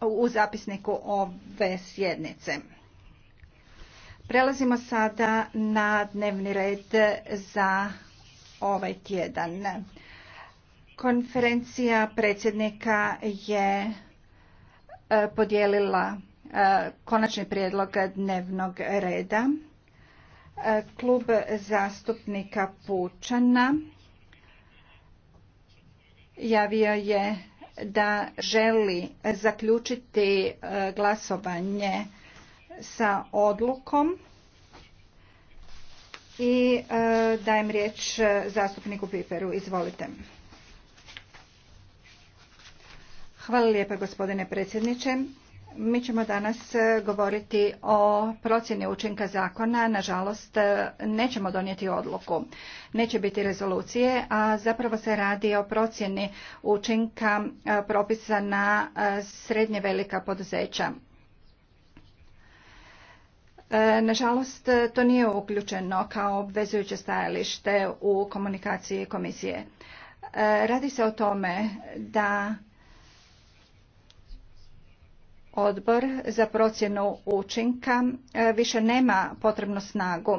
u zapisniku ove sjednice. Prelazimo sada na dnevni red za ovaj tjedan. Konferencija predsjednika je e, podijelila e, konačni prijedlog dnevnog reda. E, Klub zastupnika Pučana javio je da želi zaključiti e, glasovanje sa odlukom i e, dajem riječ zastupniku Piperu. Izvolite. Hvala lijepa gospodine predsjedniče. Mi ćemo danas e, govoriti o procjeni učinka zakona. Nažalost, e, nećemo donijeti odluku. Neće biti rezolucije, a zapravo se radi o procjeni učinka e, propisa na srednje velika poduzeća. Nažalost, to nije uključeno kao obvezujuće stajalište u komunikaciji komisije. Radi se o tome da odbor za procjenu učinka e, više nema potrebnu snagu.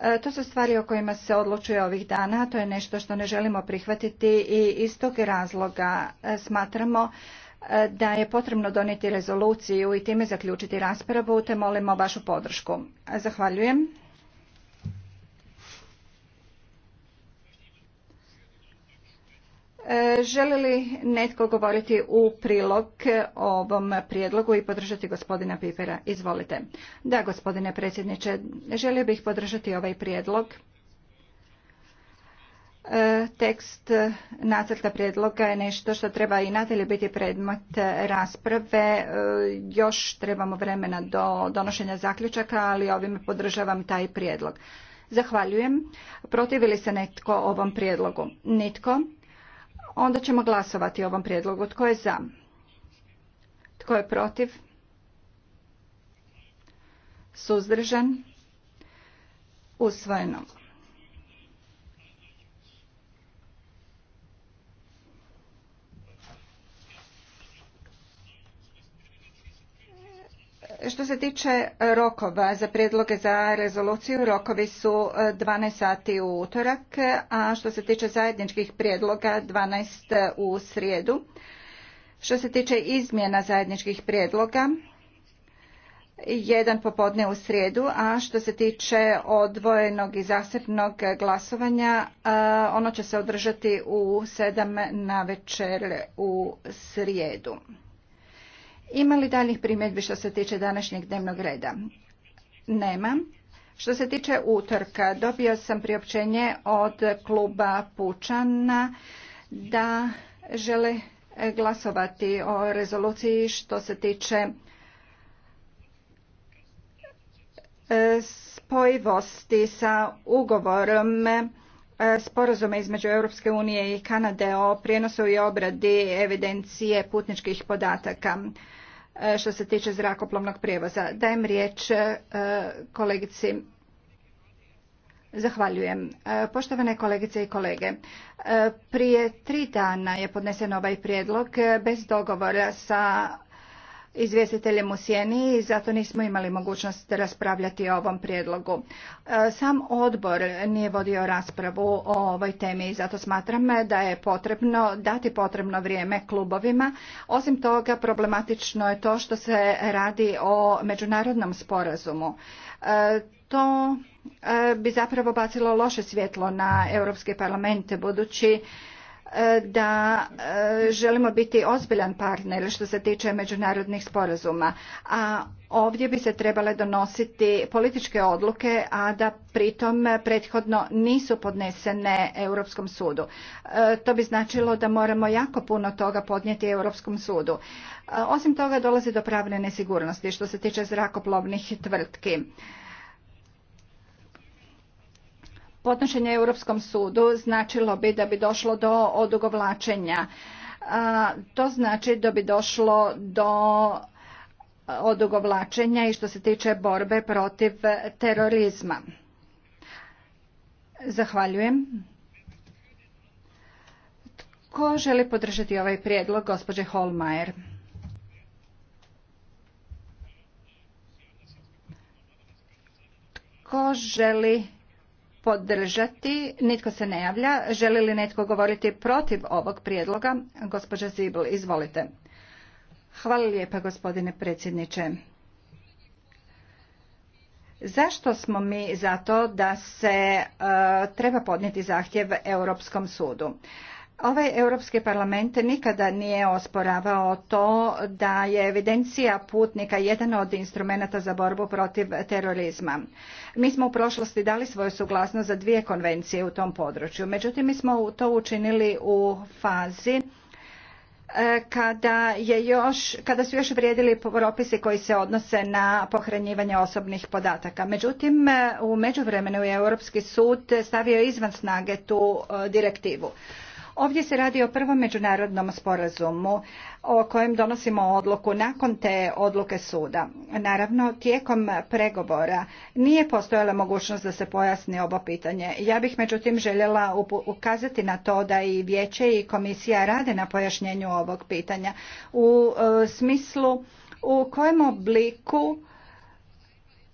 E, to su stvari o kojima se odlučuje ovih dana, to je nešto što ne želimo prihvatiti i iz tog razloga e, smatramo da je potrebno donijeti rezoluciju i time zaključiti raspravu, te molimo vašu podršku. Zahvaljujem. E, želi li netko govoriti u prilog ovom prijedlogu i podržati gospodina Pipera? Izvolite. Da, gospodine predsjedniče, želio bih podržati ovaj prijedlog. E, tekst nacrta prijedloga je nešto što treba i nadalje biti predmet rasprave. E, još trebamo vremena do donošenja zaključaka, ali ovime podržavam taj prijedlog. Zahvaljujem. Protivili se netko ovom prijedlogu? Nitko. Onda ćemo glasovati o ovom prijedlogu. Tko je za? Tko je protiv? Suzdržan? Usvojeno. Što se tiče rokova za prijedloge za rezoluciju, rokovi su 12 e, sati u utorak, a što se tiče zajedničkih prijedloga 12 u srijedu. Što se tiče izmjena zajedničkih prijedloga, jedan popodne u srijedu, a što se tiče odvojenog i zasebnog glasovanja, e, ono će se održati u sedam na večer u srijedu. Ima li daljih primjedbi što se tiče današnjeg dnevnog reda? Nema. Što se tiče utorka, dobio sam priopćenje od kluba Pučana da žele glasovati o rezoluciji što se tiče e, spojivosti sa ugovorom E, sporazume između Europske unije i Kanade o prijenosu i obradi evidencije putničkih podataka e, što se tiče zrakoplovnog prijevoza. Dajem riječ e, kolegici. Zahvaljujem. Poštovane kolegice i kolege, prije tri dana je podnesen ovaj prijedlog bez dogovora sa izvjestiteljem u sjeni i zato nismo imali mogućnost raspravljati o ovom prijedlogu. E, sam odbor nije vodio raspravu o ovoj temi i zato smatram da je potrebno dati potrebno vrijeme klubovima. Osim toga problematično je to što se radi o međunarodnom sporazumu. E, to e, bi zapravo bacilo loše svjetlo na Europski parlament budući da e, želimo biti ozbiljan partner što se tiče međunarodnih sporazuma, a ovdje bi se trebale donositi političke odluke, a da pritom prethodno nisu podnesene Europskom sudu. E, to bi značilo da moramo jako puno toga podnijeti Europskom sudu. E, osim toga dolazi do pravne nesigurnosti što se tiče zrakoplovnih tvrtki podnošenje Europskom sudu značilo bi da bi došlo do odugovlačenja. To znači da bi došlo do odugovlačenja i što se tiče borbe protiv terorizma. Zahvaljujem. Tko želi podržati ovaj prijedlog, gospođe Holmajer? Tko želi podržati? Nitko se ne javlja. Želi li netko govoriti protiv ovog prijedloga? Gospođa Zibl, izvolite. Hvala lijepa gospodine predsjedniče. Zašto smo mi za to da se e, treba podnijeti zahtjev Europskom sudu? Ovaj Europski parlament nikada nije osporavao to da je evidencija putnika jedan od instrumenata za borbu protiv terorizma. Mi smo u prošlosti dali svoju suglasnost za dvije konvencije u tom području. Međutim, mi smo to učinili u fazi e, kada, je još, kada su još vrijedili propisi koji se odnose na pohranjivanje osobnih podataka. Međutim, e, u međuvremenu je Europski sud stavio izvan snage tu e, direktivu. Ovdje se radi o prvom međunarodnom sporazumu o kojem donosimo odluku nakon te odluke suda. Naravno, tijekom pregovora nije postojala mogućnost da se pojasni ovo pitanje. Ja bih međutim željela ukazati na to da i vijeće i komisija rade na pojašnjenju ovog pitanja u e, smislu u kojem obliku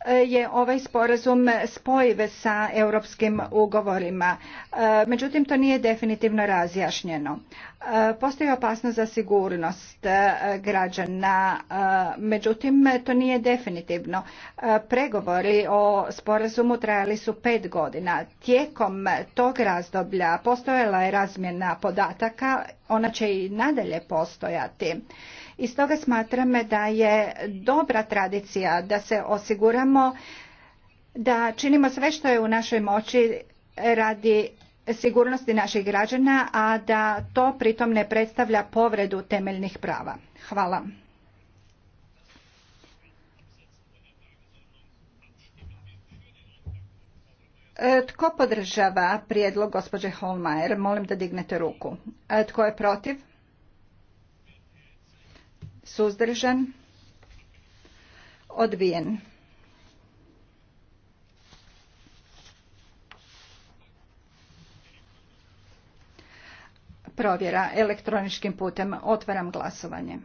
je ovaj sporazum spojiv sa europskim ugovorima. E, međutim, to nije definitivno razjašnjeno. E, postoji opasnost za sigurnost e, građana, međutim, to nije definitivno. Pregovori o sporazumu trajali su pet godina. Tijekom tog razdoblja postojala je razmjena podataka, ona će i nadalje postojati i stoga smatram da je dobra tradicija da se osiguramo da činimo sve što je u našoj moći radi sigurnosti naših građana, a da to pritom ne predstavlja povredu temeljnih prava. Hvala. E, tko podržava prijedlog gospođe Holmeier? Molim da dignete ruku. E, tko je protiv? Suzdržan? Odbijen. Provjera elektroničkim putem. Otvaram glasovanje.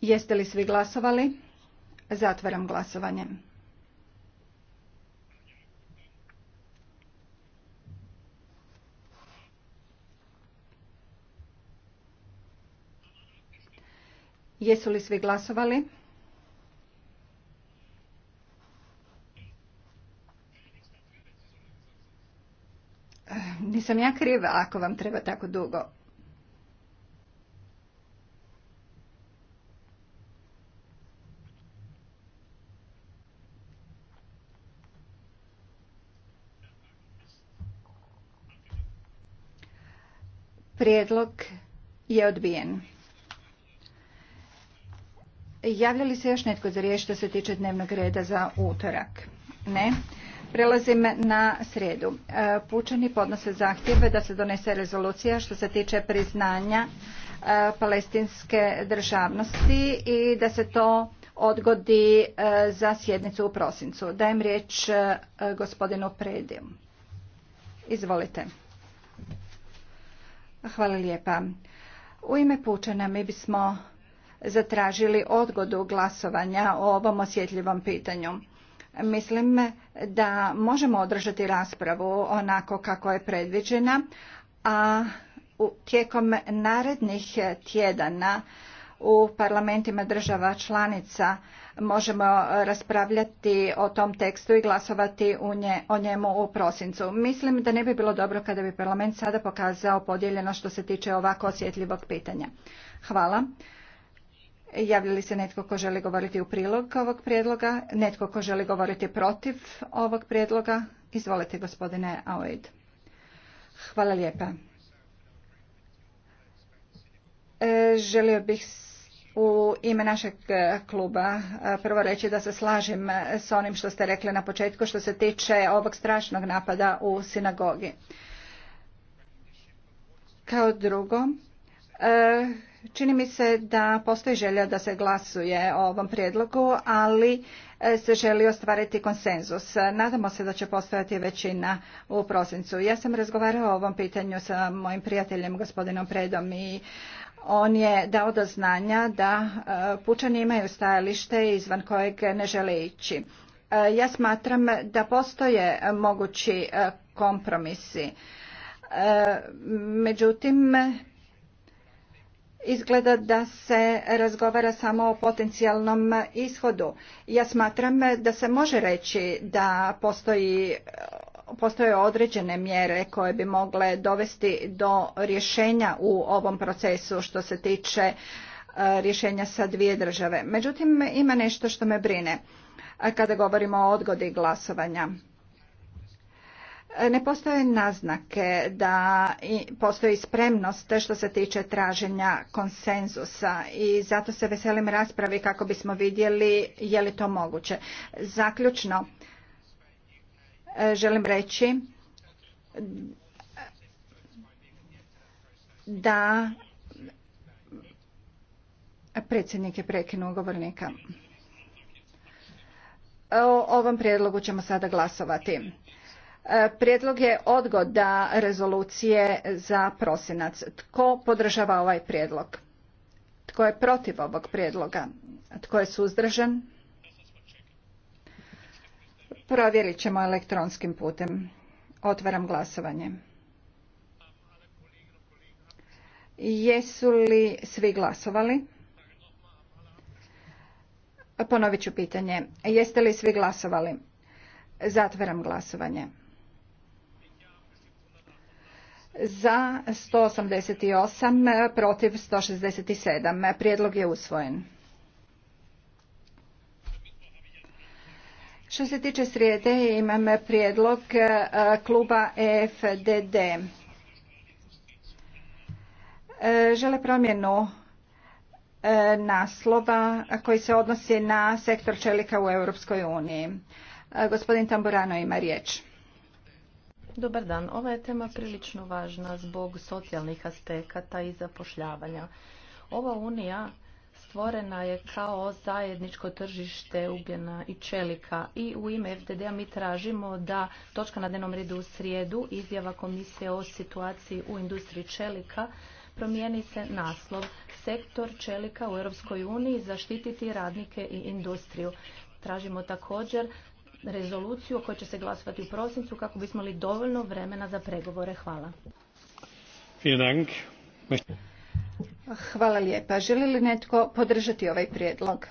Jeste li svi glasovali? Zatvaram glasovanje. Jesu li svi glasovali? Nisam ja kriva ako vam treba tako dugo. Prijedlog je odbijen. Javlja li se još netko za riječ što se tiče dnevnog reda za utorak? Ne. Prelazim na sredu. E, pučani podnose zahtjeve da se donese rezolucija što se tiče priznanja e, palestinske državnosti i da se to odgodi e, za sjednicu u prosincu. Dajem riječ gospodinu Prediju. Izvolite. Hvala lijepa. U ime Pučana mi bismo zatražili odgodu glasovanja o ovom osjetljivom pitanju. Mislim da možemo održati raspravu onako kako je predviđena, a tijekom narednih tjedana u parlamentima država članica možemo raspravljati o tom tekstu i glasovati o njemu u prosincu. Mislim da ne bi bilo dobro kada bi parlament sada pokazao podijeljeno što se tiče ovako osjetljivog pitanja. Hvala. Javlja li se netko ko želi govoriti u prilog ovog prijedloga? Netko ko želi govoriti protiv ovog prijedloga? Izvolite gospodine Aoid. Hvala lijepa. E, želio bih u ime našeg kluba e, prvo reći da se slažem e, s onim što ste rekli na početku što se tiče ovog strašnog napada u sinagogi. Kao drugo, Čini mi se da postoji želja da se glasuje o ovom prijedlogu, ali e, se želi ostvariti konsenzus. Nadamo se da će postojati većina u prosincu. Ja sam razgovarala o ovom pitanju sa mojim prijateljem gospodinom Predom i on je dao do znanja da e, pučani imaju stajalište izvan kojeg ne žele ići. E, ja smatram da postoje mogući kompromisi. Međutim, izgleda da se razgovara samo o potencijalnom ishodu. Ja smatram da se može reći da postoji postoje određene mjere koje bi mogle dovesti do rješenja u ovom procesu što se tiče e, rješenja sa dvije države. Međutim, ima nešto što me brine kada govorimo o odgodi glasovanja ne postoje naznake da postoji spremnost što se tiče traženja konsenzusa i zato se veselim raspravi kako bismo vidjeli je li to moguće. Zaključno želim reći da predsjednik je prekinuo govornika. O ovom prijedlogu ćemo sada glasovati. E, prijedlog je odgoda rezolucije za prosinac. Tko podržava ovaj prijedlog? Tko je protiv ovog prijedloga? Tko je suzdržan? Provjerit ćemo elektronskim putem. Otvaram glasovanje. Jesu li svi glasovali? Ponovit ću pitanje. Jeste li svi glasovali? Zatvaram glasovanje za 188, protiv 167. Prijedlog je usvojen. Što se tiče srijede, imam prijedlog e, kluba EFDD. E, žele promjenu e, naslova koji se odnosi na sektor čelika u EU. uniji. Gospodin Tamburano ima riječ. Dobar dan. Ova je tema prilično važna zbog socijalnih aspekata i zapošljavanja. Ova unija stvorena je kao zajedničko tržište ugljena i čelika i u ime FDD-a mi tražimo da točka na dnevnom redu u srijedu izjava komisije o situaciji u industriji čelika promijeni se naslov sektor čelika u Europskoj uniji zaštititi radnike i industriju. Tražimo također rezoluciju o kojoj će se glasovati u prosincu kako bismo li dovoljno vremena za pregovore. Hvala. Hvala lijepa. Želi li netko podržati ovaj prijedlog?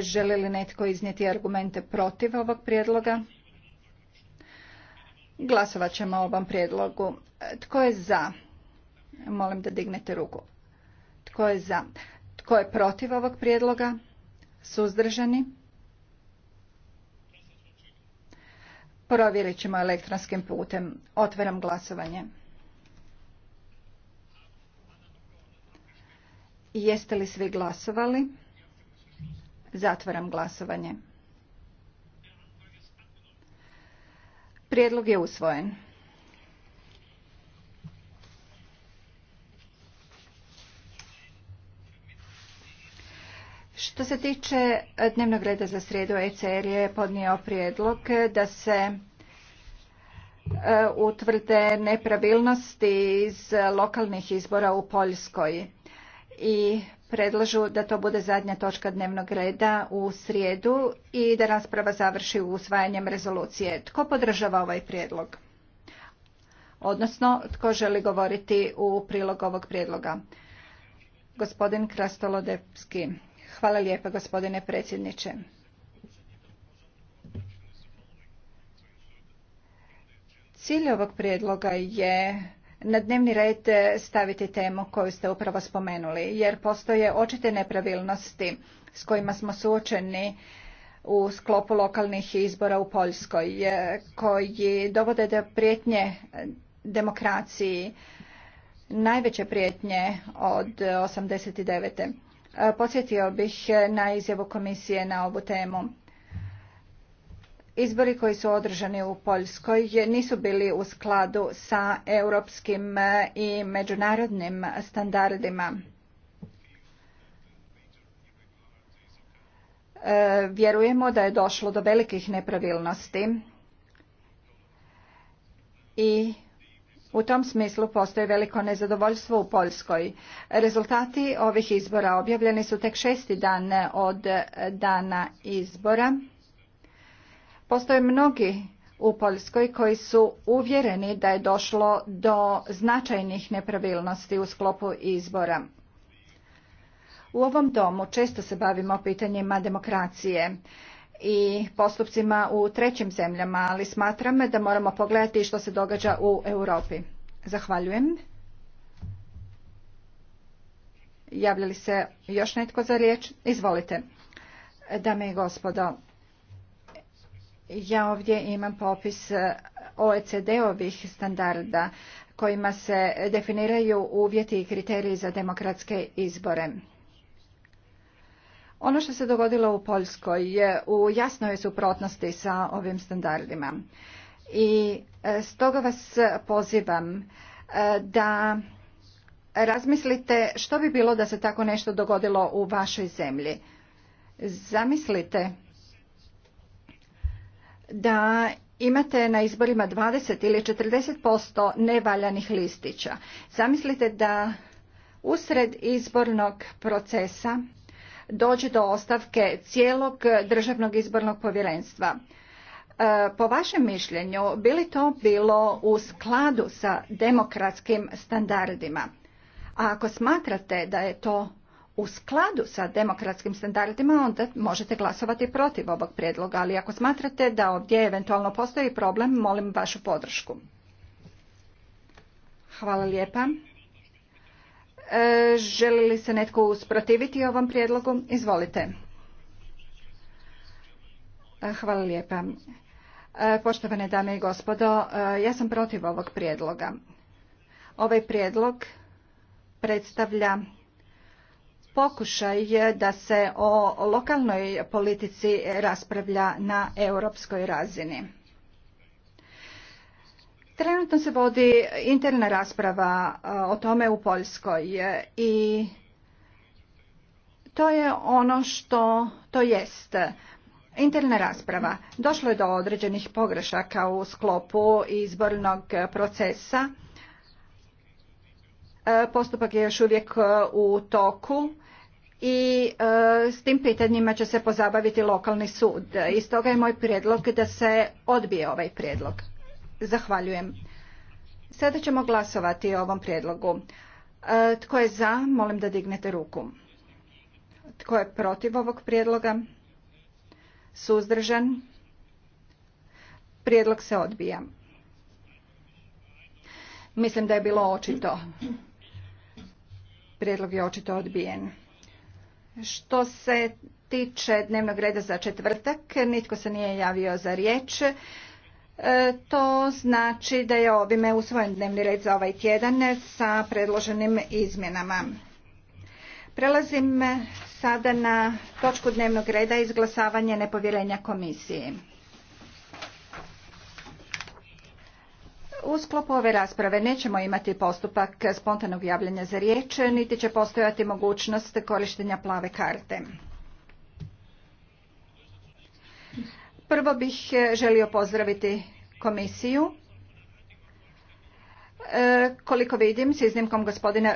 Želi li netko iznijeti argumente protiv ovog prijedloga? Glasovat ćemo o ovom prijedlogu. Tko je za? Molim da dignete ruku. Tko je za? Tko je protiv ovog prijedloga? Suzdržani? Provjerit ćemo elektronskim putem. Otvaram glasovanje. Jeste li svi glasovali? Zatvaram glasovanje. Prijedlog je usvojen. Što se tiče e, dnevnog reda za srijedu, ECR je podnio prijedlog da se e, utvrde nepravilnosti iz lokalnih izbora u Poljskoj i predlažu da to bude zadnja točka dnevnog reda u srijedu i da rasprava završi usvajanjem rezolucije. Tko podržava ovaj prijedlog? Odnosno, tko želi govoriti u prilog ovog prijedloga? Gospodin Krastolodepski. Hvala gospodine predsjedniče. Cilj ovog prijedloga je na dnevni red staviti temu koju ste upravo spomenuli, jer postoje očite nepravilnosti s kojima smo suočeni u sklopu lokalnih izbora u Poljskoj, koji dovode do prijetnje demokraciji, najveće prijetnje od 89. Podsjetio bih na izjavu komisije na ovu temu. Izbori koji su održani u Poljskoj nisu bili u skladu sa europskim i međunarodnim standardima. E, vjerujemo da je došlo do velikih nepravilnosti i u tom smislu postoji veliko nezadovoljstvo u Poljskoj. Rezultati ovih izbora objavljeni su tek šesti dan od dana izbora. Postoje mnogi u Poljskoj koji su uvjereni da je došlo do značajnih nepravilnosti u sklopu izbora. U ovom domu često se bavimo pitanjima demokracije i postupcima u trećim zemljama, ali smatram da moramo pogledati što se događa u Europi. Zahvaljujem. Javlja li se još netko za riječ? Izvolite. Dame i gospodo, ja ovdje imam popis OECD-ovih standarda kojima se definiraju uvjeti i kriteriji za demokratske izbore. Ono što se dogodilo u Poljskoj je u jasnoj suprotnosti sa ovim standardima. I e, stoga vas pozivam e, da razmislite što bi bilo da se tako nešto dogodilo u vašoj zemlji. Zamislite da imate na izborima 20 ili 40% nevaljanih listića. Zamislite da usred izbornog procesa dođe do ostavke cijelog državnog izbornog povjerenstva. E, po vašem mišljenju, bi li to bilo u skladu sa demokratskim standardima? A ako smatrate da je to u skladu sa demokratskim standardima, onda možete glasovati protiv ovog prijedloga, ali ako smatrate da ovdje eventualno postoji problem, molim vašu podršku. Hvala lijepa. E, želi li se netko usprotiviti ovom prijedlogu? Izvolite. E, hvala lijepa. E, poštovane dame i gospodo, ja sam protiv ovog prijedloga. Ovaj prijedlog predstavlja pokušaj da se o lokalnoj politici raspravlja na europskoj razini. Trenutno se vodi interna rasprava e, o tome u Poljskoj e, i to je ono što to jest. E, interna rasprava. Došlo je do određenih pogrešaka u sklopu izbornog procesa. Postupak je još uvijek u toku i s tim pitanjima će se pozabaviti lokalni sud. Iz toga je moj prijedlog da se odbije ovaj prijedlog. Zahvaljujem. Sada ćemo glasovati o ovom prijedlogu. E, tko je za, molim da dignete ruku. Tko je protiv ovog prijedloga? Suzdržan? Prijedlog se odbija. Mislim da je bilo očito. Prijedlog je očito odbijen. Što se tiče dnevnog reda za četvrtak, nitko se nije javio za riječ. E, to znači da je ovime usvojen dnevni red za ovaj tjedan sa predloženim izmjenama. Prelazim sada na točku dnevnog reda izglasavanje nepovjerenja komisiji. U sklopu ove rasprave nećemo imati postupak spontanog javljanja za riječ, niti će postojati mogućnost korištenja plave karte. Prvo bih e, želio pozdraviti komisiju. E, koliko vidim, s iznimkom gospodina